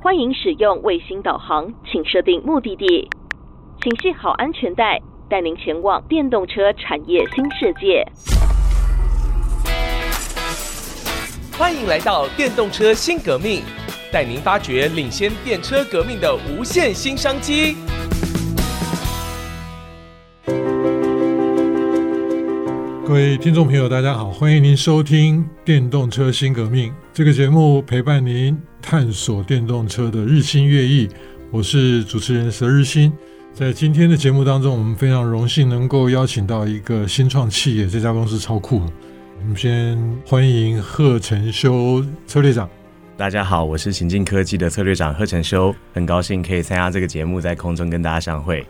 歡迎使用衛星導航，請設定目的地，請繫好安全帶，帶您前往電動車產業新世界。歡迎來到電動車新革命，帶您發掘領先電車革命的無限新商機。各位聽眾朋友，大家好，歡迎您收聽電動車新革命。這個節目陪伴您探索電動車的日新月異。我是主持人佘日新，在今天的節目當中，我們非常榮幸能夠邀請到一個新創企業，這家公司超酷。我們先歡迎賀陳修策略長。大家好，我是行競科技的策略長賀陳修，很高興可以參加這個節目，在空中跟大家相會。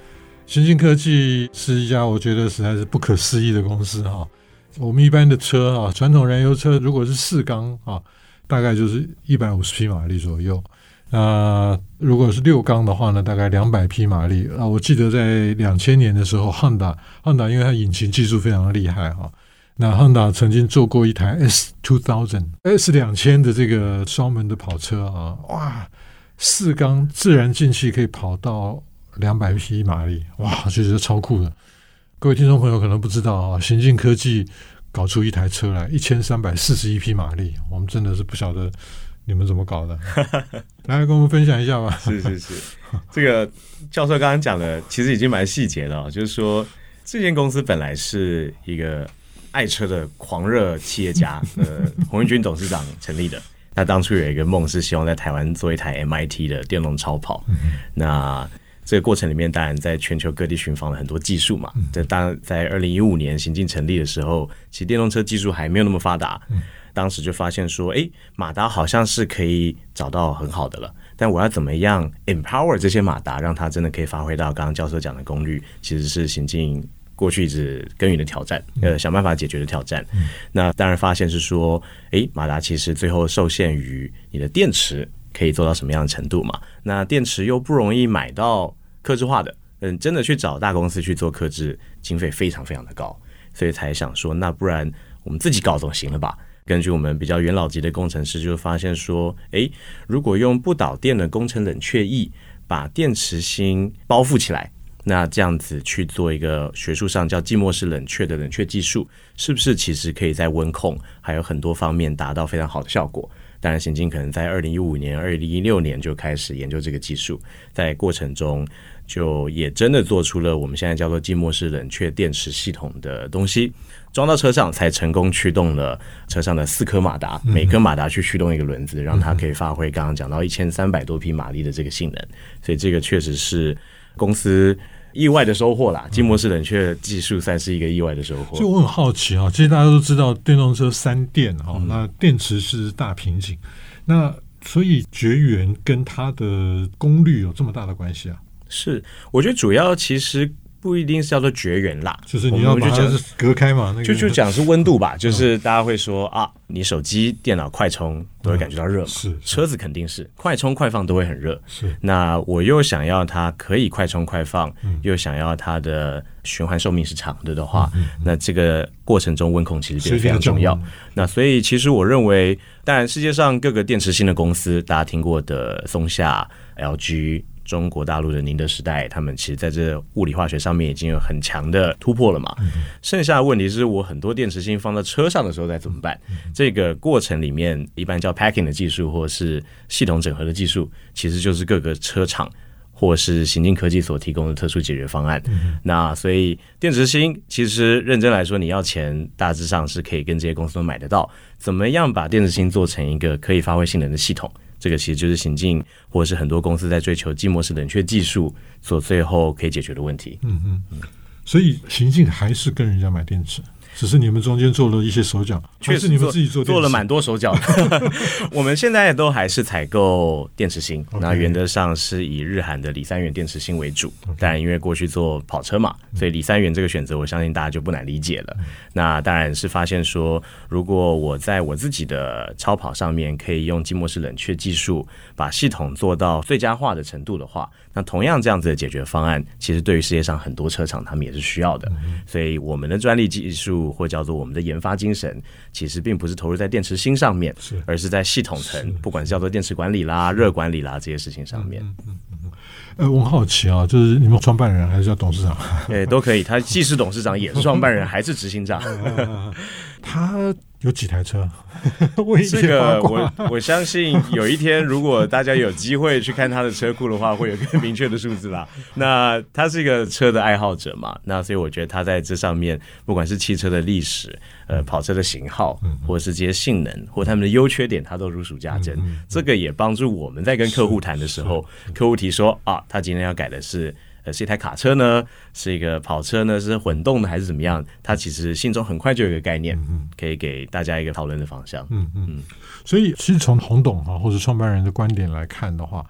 行競科技是一家我覺得實在是不可思議的公司哈，我們一般的車啊，傳統燃油車如果是四缸啊。大概就是一百五十匹馬力左右。那如果是六缸的話呢，大概兩百匹馬力。啊，我記得在兩千年的時候，Honda Honda，因為它引擎技術非常的厲害啊。那 Honda 曾經做過一台 S two thousand S 兩千的這個雙門的跑車啊，哇，四缸自然進氣可以跑到兩百匹馬力，哇，確實超酷的。各位聽眾朋友可能不知道啊，行競科技。搞出一台車來，一千三百四十一匹馬力，我們真的是不曉得你們怎麼搞的，來跟我們分享一下吧。 是是是，這個教授剛剛講的其實已經蠻細節的，就是說，這間公司本來是一個愛車的狂熱企業家， 呃，洪裕鈞董事長成立的。他當初有一個夢，是希望在台灣做一台 MIT 的電動超跑。嗯、哼那這個過程裡面，當然在全球各地尋訪了很多技術嘛。嗯、在當在二零一五年行競成立的時候，其實電動車技術還沒有那麼發達，嗯、當時就發現說，誒，馬達好像是可以找到很好的了。但我要怎麼樣 empower 這些馬達，讓它真的可以發揮到剛剛教授講的功率，其實是行競過去一直耕耘的挑戰，嗯、呃，想辦法解決的挑戰。嗯、那當然發現是說，誒，馬達其實最後受限於你的電池可以做到什麼樣的程度嘛。那電池又不容易買到。克製化的，嗯，真的去找大公司去做克製，經費非常非常的高，所以才想說，那不然我們自己搞總行了吧？根據我們比較元老級的工程師，就發現說，哎，如果用不導電的工程冷卻液把電池芯包覆起來，那這樣子去做一個學術上叫浸沒式冷卻的冷卻技術，是不是其實可以在溫控還有很多方面達到非常好的效果？當然，行競可能在二零一五年、二零一六年就開始研究這個技術，在過程中就也真的做出了我們現在叫做浸沒式冷卻電池系統的東西，裝到車上才成功驅動了車上的四顆馬達，每顆馬達去驅動一個輪子，讓它可以發揮剛剛講到一千三百多匹馬力的這個性能。所以這個確實是公司。意外的收穫啦，浸沒式冷卻技術算是一個意外的收穫。就、嗯、我很好奇啊、哦，其實大家都知道電動車三電哈、哦，嗯、那電池是大瓶頸，那所以絕緣跟它的功率有這麼大的關係啊？是，我覺得主要其實。不一定是叫做絕緣啦，就是你要不就講是隔開嘛。就、那個、就講是溫度吧，嗯、就是大家會說啊，你手機、電腦快充都會感覺到熱，是，是車子肯定是快充快放都會很熱。是，那我又想要它可以快充快放，嗯、又想要它的循環壽命是長的的話，嗯、那這個過程中溫控其實變得非常重要。嗯、那所以其實我認為，當然世界上各個電池芯的公司，大家聽過的松下、LG。中國大陸的寧德時代，他們其實在這物理化學上面已經有很強的突破了嘛。嗯、哼剩下的問題是，我很多電池芯放在車上的時候再怎麼辦？嗯、哼這個過程裡面一般叫 packing 的技術，或是系統整合的技術，其實就是各個車廠或是行競科技所提供的特殊解決方案。嗯、哼那所以電池芯其實認真來說，你要錢大致上是可以跟這些公司都買得到。怎麼樣把電池芯做成一個可以發揮性能的系統？這個其實就是行競，或者是很多公司在追求浸沒式冷卻技術所最後可以解決的問題。嗯嗯，所以行競還是跟人家買電池。只是你們中間做了一些手腳，確實你們自己做做了蠻多手腳的。 我們現在都還是採購電池芯，那 原則上是以日韓的鋰三元電池芯為主。Okay. 但因為過去做跑車嘛，Okay. 所以鋰三元這個選擇，我相信大家就不難理解了。嗯，那當然是發現說，如果我在我自己的超跑上面可以用浸沒式冷卻技術，把系統做到最佳化的程度的話。那同樣這樣子的解決方案，其實對於世界上很多車廠，他們也是需要的。嗯、哼所以我們的專利技術，或叫做我們的研發精神，其實並不是投入在電池芯上面，是而是在系統層，是不管是叫做電池管理啦、熱是管理啦這些事情上面。嗯嗯嗯嗯呃、我好奇啊、哦，就是你們創辦人還是叫董事長？哎、嗯，都可以。他既是董事長，也是創辦人， 還是執行長。 哎哎哎哎他有幾台車？ 這個我我相信，有一天如果大家有機會去看他的車庫的話， 會有更明確的數字啦。那他是一個車的愛好者嘛？那所以我覺得他在這上面，不管是汽車的歷史、呃跑車的型號，或是這些性能或他們的優缺點，他都如數家珍。嗯嗯、這個也幫助我們在跟客戶談的時候，客戶提說啊，他今天要改的是。是一台卡車呢，是一個跑車呢，是混動的還是怎麼樣？他其實心中很快就有一個概念，嗯哼，可以給大家一個討論的方向，嗯哼嗯。所以，其實從洪董啊或者創辦人的觀點來看的話，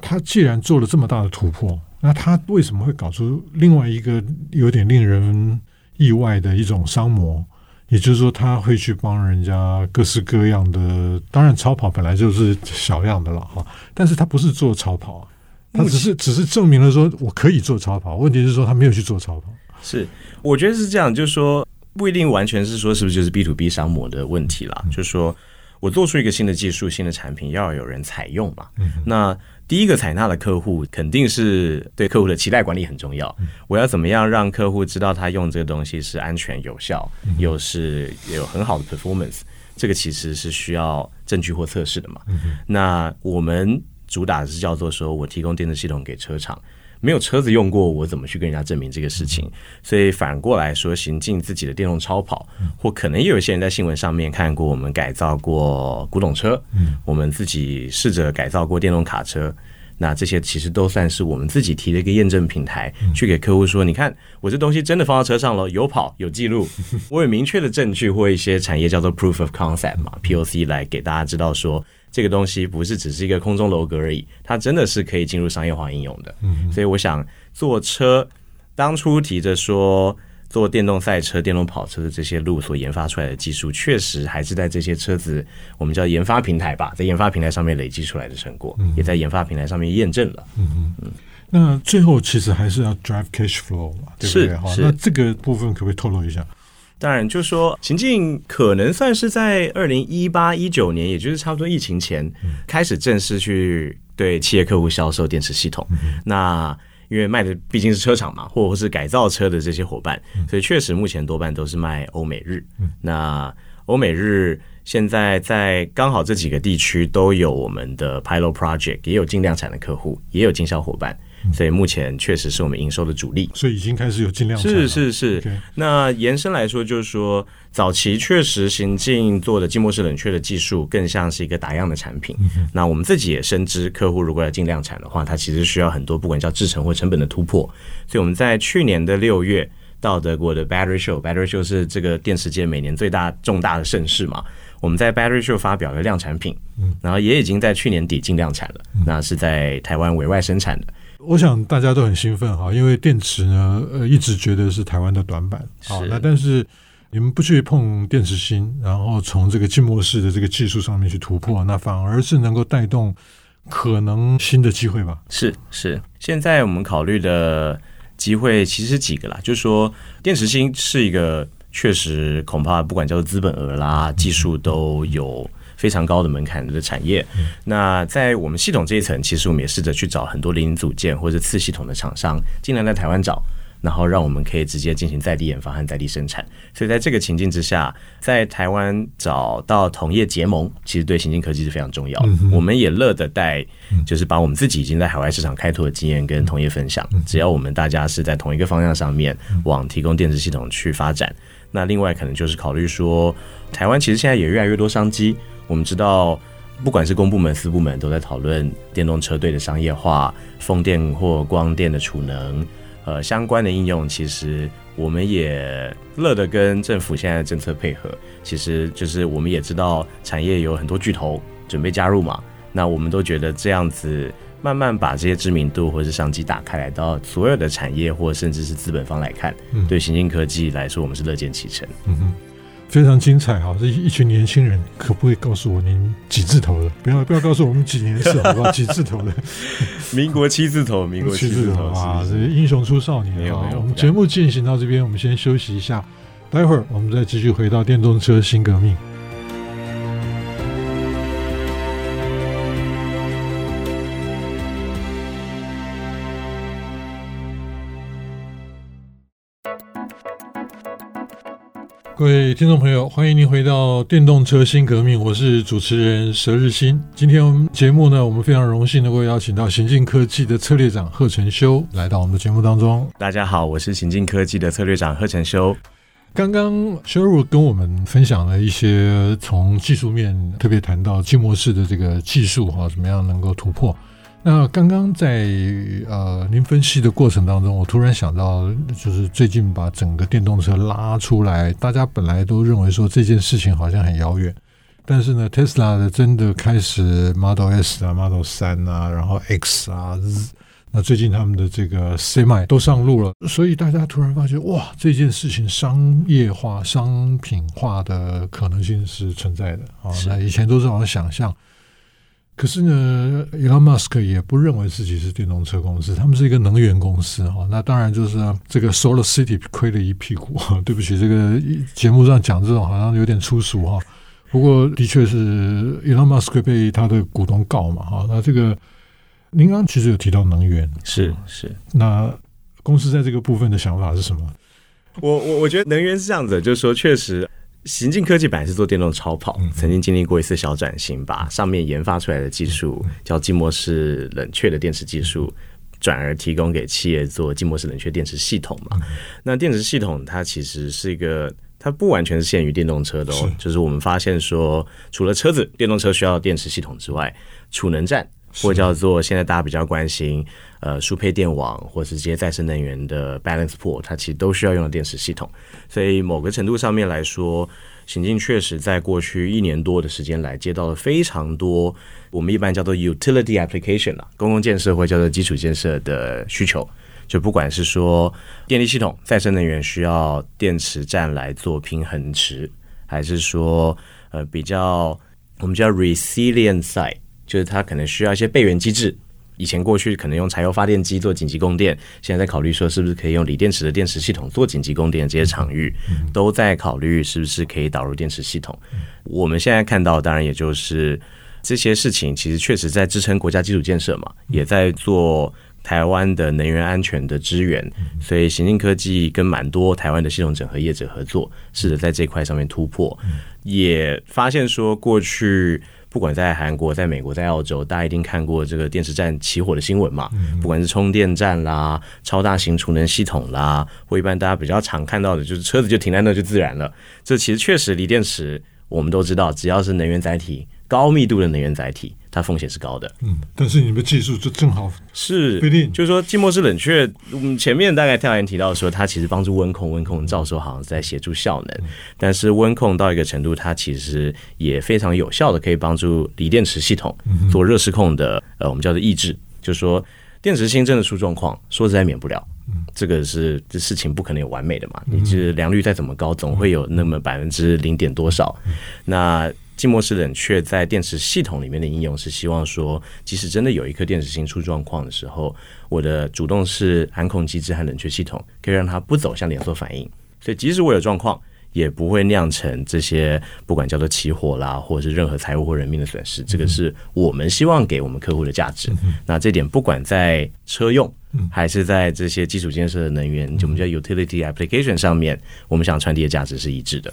他既然做了這麼大的突破，那他為什麼會搞出另外一個有點令人意外的一種商模？也就是說，他會去幫人家各式各樣的，當然超跑本來就是小樣的了哈，但是他不是做超跑啊。他只是只是證明了說我可以做超跑，問題是說他沒有去做超跑。是，我覺得是這樣，就是說不一定完全是說是不是就是 B to B 商模的問題啦。嗯、就是說我做出一個新的技術、新的產品，要有人採用嘛？嗯、哼那第一個採納的客戶肯定是對客戶的期待管理很重要。嗯、我要怎麼樣讓客戶知道他用這個東西是安全、有效，嗯、哼又是有很好的 performance？這個其實是需要證據或測試的嘛？嗯、哼那我們。主打的是叫做說，我提供電池系統給車廠，沒有車子用過，我怎麼去跟人家證明這個事情？所以反過來說，行競自己的電動超跑，或可能也有些人在新聞上面看過我們改造過古董車，我們自己試着改造過電動卡車，那這些其實都算是我們自己提了一個驗證平台，去給客戶說，你看我這東西真的放到車上了，有跑有記錄，我有明確的證據或一些產業叫做 proof of concept 嘛，POC 來給大家知道說。這個東西不是只是一個空中樓閣而已，它真的是可以進入商業化應用的。嗯哼，所以我想坐車，做車當初提着說做電動賽車、電動跑車的這些路所研發出來的技術，確實還是在這些車子，我們叫研發平台吧，在研發平台上面累積出來的成果，嗯、哼也在研發平台上面驗證了。嗯嗯嗯。那最後其實還是要 drive cash flow 嘛，對不對？是、是、啊、那這個部分可不可以透露一下？當然就是，就說行競可能算是在二零一八一九年，也就是差不多疫情前，嗯、開始正式去對企業客戶銷售電池系統。嗯、那因為賣的畢竟是車廠嘛，或者是改造車的這些夥伴，所以確實目前多半都是賣歐美日。嗯、那歐美日現在在剛好這幾個地區都有我們的 Pilot Project，也有進量產的客戶，也有經銷夥伴。所以目前確實是我們營收的主力，所以已經開始有進量是是是。Okay. 那延伸來說，就是說早期確實行競做的浸沒式冷卻的技術，更像是一個打樣的產品。Okay. 那我們自己也深知，客戶如果要進量產的話，它其實需要很多，不管叫製程或成本的突破。所以我們在去年的六月到德國的 Show, Battery Show，Battery Show 是這個電池界每年最大重大的盛事嘛。我們在 Battery Show 發表了量產品，然後也已經在去年底進量產了。那是在台灣委外生產的。我想大家都很興奮哈，因為電池呢，呃，一直覺得是台灣的短板好是、哦，那但是你們不去碰電池芯，然後從這個浸沒式的這個技術上面去突破，嗯、那反而是能夠帶動可能新的機會吧？是是，現在我們考慮的機會其實是幾個啦，就是說電池芯是一個確實恐怕不管叫做資本額啦，技術都有非常高的門檻的產業，嗯、那在我們系統這一層，其實我們也試着去找很多零組件或者次系統的廠商，盡量在台灣找，然後讓我們可以直接進行在地研發和在地生產。所以在這個情境之下，在台灣找到同業結盟，其實對行競科技是非常重要。嗯嗯、我們也樂得帶，就是把我們自己已經在海外市場開拓的經驗跟同業分享。嗯嗯、只要我們大家是在同一個方向上面往提供電池系統去發展。那另外可能就是考慮說，台灣其實現在也越來越多商機。我們知道，不管是公部門、私部門都在討論電動車隊的商業化、風電或光電的儲能，呃，相關的應用。其實我們也樂得跟政府現在的政策配合。其實就是我們也知道產業有很多巨頭準備加入嘛，那我們都覺得這樣子。慢慢把這些知名度或是商機打開，來到所有的產業或甚至是資本方來看，嗯、對行競科技來說，我們是樂見其成。嗯哼，非常精彩啊、哦！這一群年輕人，可不可以告訴我您幾字頭的？不要不要告訴我們幾年的事好不好？ 幾字頭的。民國七字頭，民國七字頭啊！這英雄出少年啊、哦！沒有沒有，我們節目進行到這邊，我們先休息一下，待會兒我們再繼續回到電動車新革命。各位聽眾朋友，歡迎您回到《電動車新革命》，我是主持人佘日新。今天我們節目呢，我們非常榮幸地會邀請到行競科技的策略長賀陳修來到我們的節目當中。大家好，我是行競科技的策略長賀陳修。剛剛 Sheru 跟我們分享了一些從技術面，特別談到浸沒式的這個技術哈，怎麼樣能夠突破？那剛剛在呃，您分析的過程當中，我突然想到，就是最近把整個電動車拉出來，大家本來都認為說這件事情好像很遙遠，但是呢，特斯拉的真的開始 Model S 啊、Model 3啊，然後 X 啊，Z, 那最近他們的這個 Semi 都上路了，所以大家突然發覺，哇，這件事情商業化、商品化的可能性是存在的啊。那以前都是好像想象。可是呢，Elon Musk 也不認為自己是電動車公司，他們是一個能源公司哈。那當然就是這個 Solar City 虧了一屁股，對不起，這個節目上講這種好像有點粗俗哈。不過的確是 Elon Musk 被他的股東告嘛哈。那這個您剛剛其實有提到能源，是是，是那，公司在這個部分的想法是什麼？我我我覺得能源是這樣子，就是說確實。行競科技本來是做電動超跑，曾經經歷過一次小轉型，把上面研發出來的技術叫浸沒式冷卻的電池技術，轉而提供給企業做浸沒式冷卻電池系統嘛。那電池系統它其實是一個，它不完全是限於電動車的哦，是，就是我們發現說，除了車子，電動車需要電池系統之外，儲能站。或叫做現在大家比較關心，呃，輸配電網或者是這些再生能源的 balance pool，它其實都需要用到電池系統。所以某個程度上面來說，行競確實在過去一年多的時間來接到了非常多我們一般叫做 utility application 了，公共建設或叫做基礎建設的需求。就不管是說電力系統、再生能源需要電池站來做平衡池，還是說呃比較我們叫 resilience side。就是它可能需要一些備援機制，以前過去可能用柴油發電機做緊急供電，現在在考慮說是不是可以用鋰電池的電池系統做緊急供電。這些場域都在考慮是不是可以導入電池系統。嗯、我們現在看到，當然也就是這些事情，其實確實在支撐國家基礎建設嘛，也在做台灣的能源安全的支援。所以，行競科技跟蠻多台灣的系統整合業者合作，試着在這塊上面突破，也發現說過去。不管在韓國、在美國、在澳洲，大家一定看過這個電池站起火的新聞嘛。不管是充電站啦、超大型儲能系統啦，或一般大家比較常看到的，就是車子就停在那就自燃了。這其實確實，鋰電池我們都知道，只要是能源載體。高密度的能源載體，它風險是高的。嗯，但是你們技術就正好是，須就是說莫，浸沒式冷卻。我們前面大概調研提到說，它其實幫助溫控，溫控，到時候好像在協助效能。嗯、但是溫控到一個程度，它其實也非常有效的，可以幫助鋰電池系統做熱失控的，嗯、呃，我們叫做抑制。就是說，電池芯真的出狀況，說實在免不了。嗯、這個是這事情不可能有完美的嘛。你這良率再怎麼高，總會有那麼百分之零點多少。嗯、那。靜默式冷卻在電池系統裡面的應用是希望說，即使真的有一顆電池芯出狀況的時候，我的主動式安控機制和冷卻系統可以讓它不走向連鎖反應。所以，即使我有狀況，也不會釀成這些不管叫做起火啦，或者是任何財務或人命的損失。嗯、哼這個是我們希望給我們客戶的價值。嗯、哼那這點不管在車用還是在這些基礎建設的能源，嗯、哼就我們叫 utility application 上面，我們想傳遞的價值是一致的。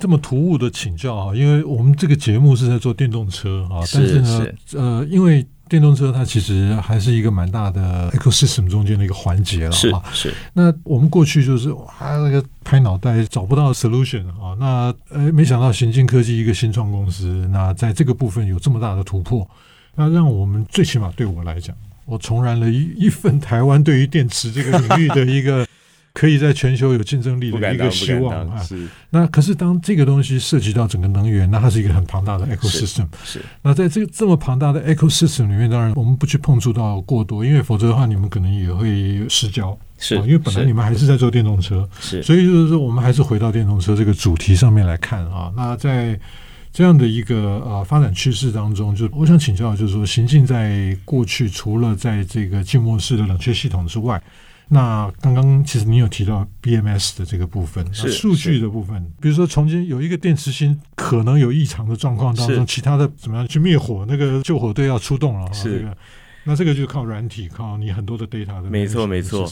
這麼突兀的請教啊，因為我們這個節目是在做電動車啊，但是呢，是是呃，因為電動車它其實還是一個蠻大的 ecosystem 中間的一個環節了啊，吧？是，是，那我們過去就是哇，那個拍腦袋找不到 solution 啊。那呃、哎，沒想到行競科技一個新創公司，那在這個部分有這麼大的突破，那讓我們最起碼對我來講，我重燃了一一份台灣對於電池這個領域的一個。 可以在全球有競爭力的一個希望啊！那可是當這個東西涉及到整個能源，那它是一個很龐大的 ecosystem，是，那在這這麼龐大的 ecosystem 裡面，當然我們不去碰觸到過多，因為否則的話，你們可能也會失焦。是、啊，因為本來你們還是在做電動車。是，是，所以就是說，我們還是回到電動車這個主題上面來看啊。那在這樣的一個呃、啊、發展趨勢當中，就是我想請教，就是說行競在過去，除了在這個浸沒式的冷卻系統之外。那剛剛其實你有提到 BMS 的這個部分，是數據的部分，是比如說曾經有一個電池芯可能有異常的狀況當中，是其他的怎麼樣去滅火？那個救火隊要出動了，是，那這個就靠軟體，靠你很多的 data 的，沒錯沒錯。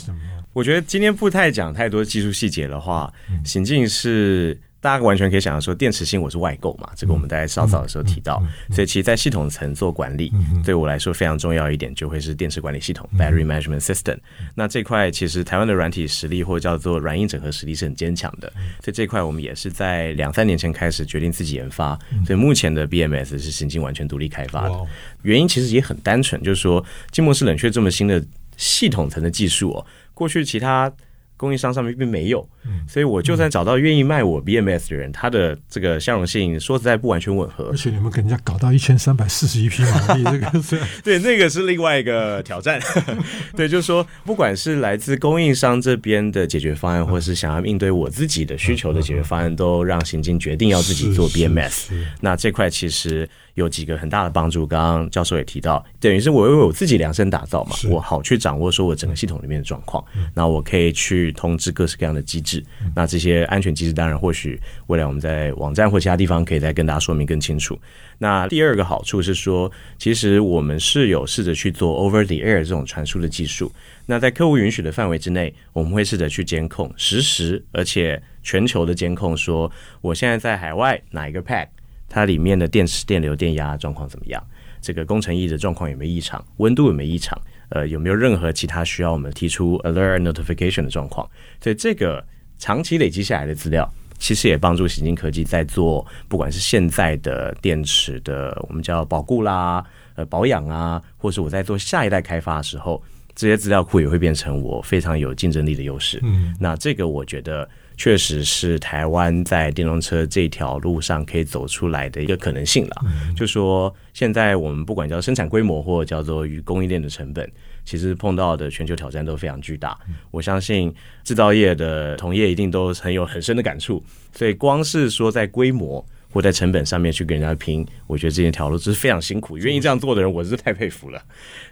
我覺得今天不太講太多技術細節的話，嗯、行競是。大家完全可以想象說，電池芯我是外購嘛，這個我們大家稍早的時候提到，嗯嗯嗯嗯、所以其實，在系統層做管理，嗯嗯嗯嗯、對我來說非常重要一點，就會是電池管理系統、嗯嗯、（Battery Management System）。嗯、那這塊其實台灣的軟體實力，或者叫做軟硬整合實力是很堅強的，嗯、所以這塊我們也是在兩三年前開始決定自己研發。嗯、所以目前的 BMS 是行競完全獨立開發的。哦、原因其實也很單純，就是說，浸沒式冷卻這麼新的系統層的技術，哦，過去其他。供應商上面並沒有，嗯、所以我就算找到願意賣我 BMS 的人，嗯、他的這個相容性，說實在不完全吻合。而且你們給人家搞到一千三百四十一匹馬力，這個是 對，那個是另外一個挑戰。 對，就是說，不管是來自供應商這邊的解決方案，或者是想要應對我自己的需求的解決方案，都讓行競決定要自己做 BMS。那這塊其實。有幾個很大的幫助。剛剛教授也提到，等於是我有為我自己量身打造嘛，是我好去掌握說我整個系統裡面的狀況。那、嗯、我可以去通知各式各樣的機制。嗯、那這些安全機制當然，或許未來我們在網站或其他地方可以再跟大家說明更清楚。那第二個好處是說，其實我們是有試着去做 over the air 這種傳輸的技術。那在客戶允許的範圍之內，我們會試着去監控實時，時，而且全球的監控，說我現在在海外哪一個 pack。它裡面的電池電流、電壓狀況怎麼樣？這個工程儀的狀況有沒有異常？溫度有沒有異常？呃，有沒有任何其他需要我們提出 alert notification 的狀況？所以這個長期累積下來的資料，其實也幫助行競科技在做，不管是現在的電池的我們叫保固啦、呃保養啊，或是我在做下一代開發的時候，這些資料庫也會變成我非常有競爭力的優勢。嗯，那這個我覺得。確實是台灣在電動車這條路上可以走出來的一個可能性了。就說現在我們不管叫生產規模，或者叫做與供應鏈的成本，其實碰到的全球挑戰都非常巨大。我相信製造業的同業一定都很有很深的感觸。所以光是說在規模，或在成本上面去跟人家拼，我覺得這些條路是非常辛苦。願意這樣做的人，我是太佩服了。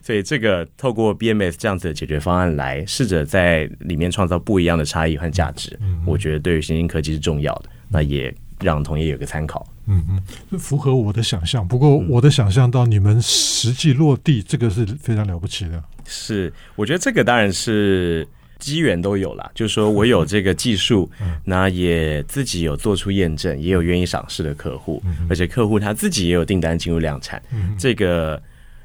所以這個透過 BMS 這樣子的解決方案來，試着在裡面創造不一樣的差異和價值，嗯嗯、我覺得對於新興科技是重要的。嗯、那也讓同業有個參考。嗯嗯，這符合我的想象。不過我的想象到你們實際落地，嗯、這個是非常了不起的。是，我覺得這個當然是。機緣都有了，就是說我有這個技術，嗯、那也自己有做出驗證，嗯、也有願意賞識的客戶，嗯、而且客戶他自己也有訂單進入量產。嗯、這個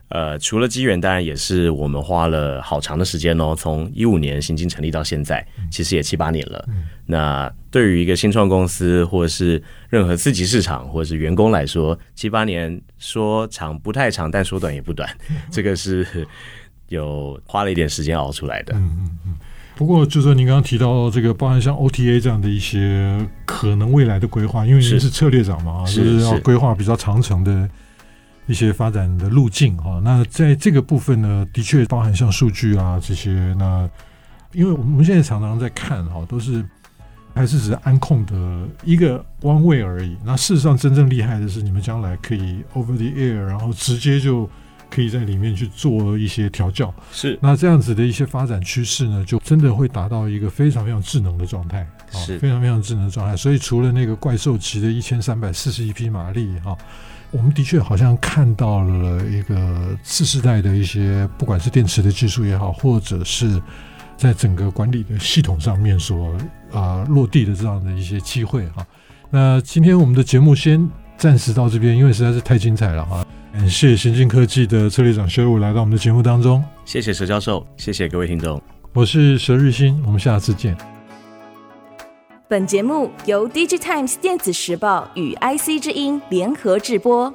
呃，除了機緣，當然也是我們花了好長的時間哦。從一五年行競成立到現在，其實也七八年了。嗯、那對於一個新創公司，或者是任何次級市場，或者是員工來說，七八年說長不太長，但說短也不短。這個是有花了一點時間熬出來的。嗯嗯嗯不過，就說您剛剛提到這個包含像 OTA 這樣的一些可能未來的規劃，因為您是策略長嘛，就是要規劃比較長程的一些發展的路徑哈。那在這個部分呢，的確包含像數據啊這些。那因為我們現在常常在看哈，都是還是只是安控的一個 one way 而已。那事實上真正厲害的是，你們將來可以 Over the Air，然後直接就。可以在裡面去做一些調教是，是那這樣子的一些發展趨勢呢，就真的會達到一個非常非常智能的狀態、哦是，是非常非常智能的狀態。所以除了那個怪獸級的一千三百四十一匹馬力哈、哦，我們的確好像看到了一個次世代的一些，不管是電池的技術也好，或者是在整個管理的系統上面所啊落地的這樣的一些機會哈、哦。那今天我們的節目先暫時到這邊，因為實在是太精彩了啊！感謝行競科技的策略長賀陳修來到我們的節目當中，謝謝佘教授，謝謝各位聽眾，我是佘日新，我們下次見。本節目由 DigiTimes 電子時報與 I C 之音聯合制播。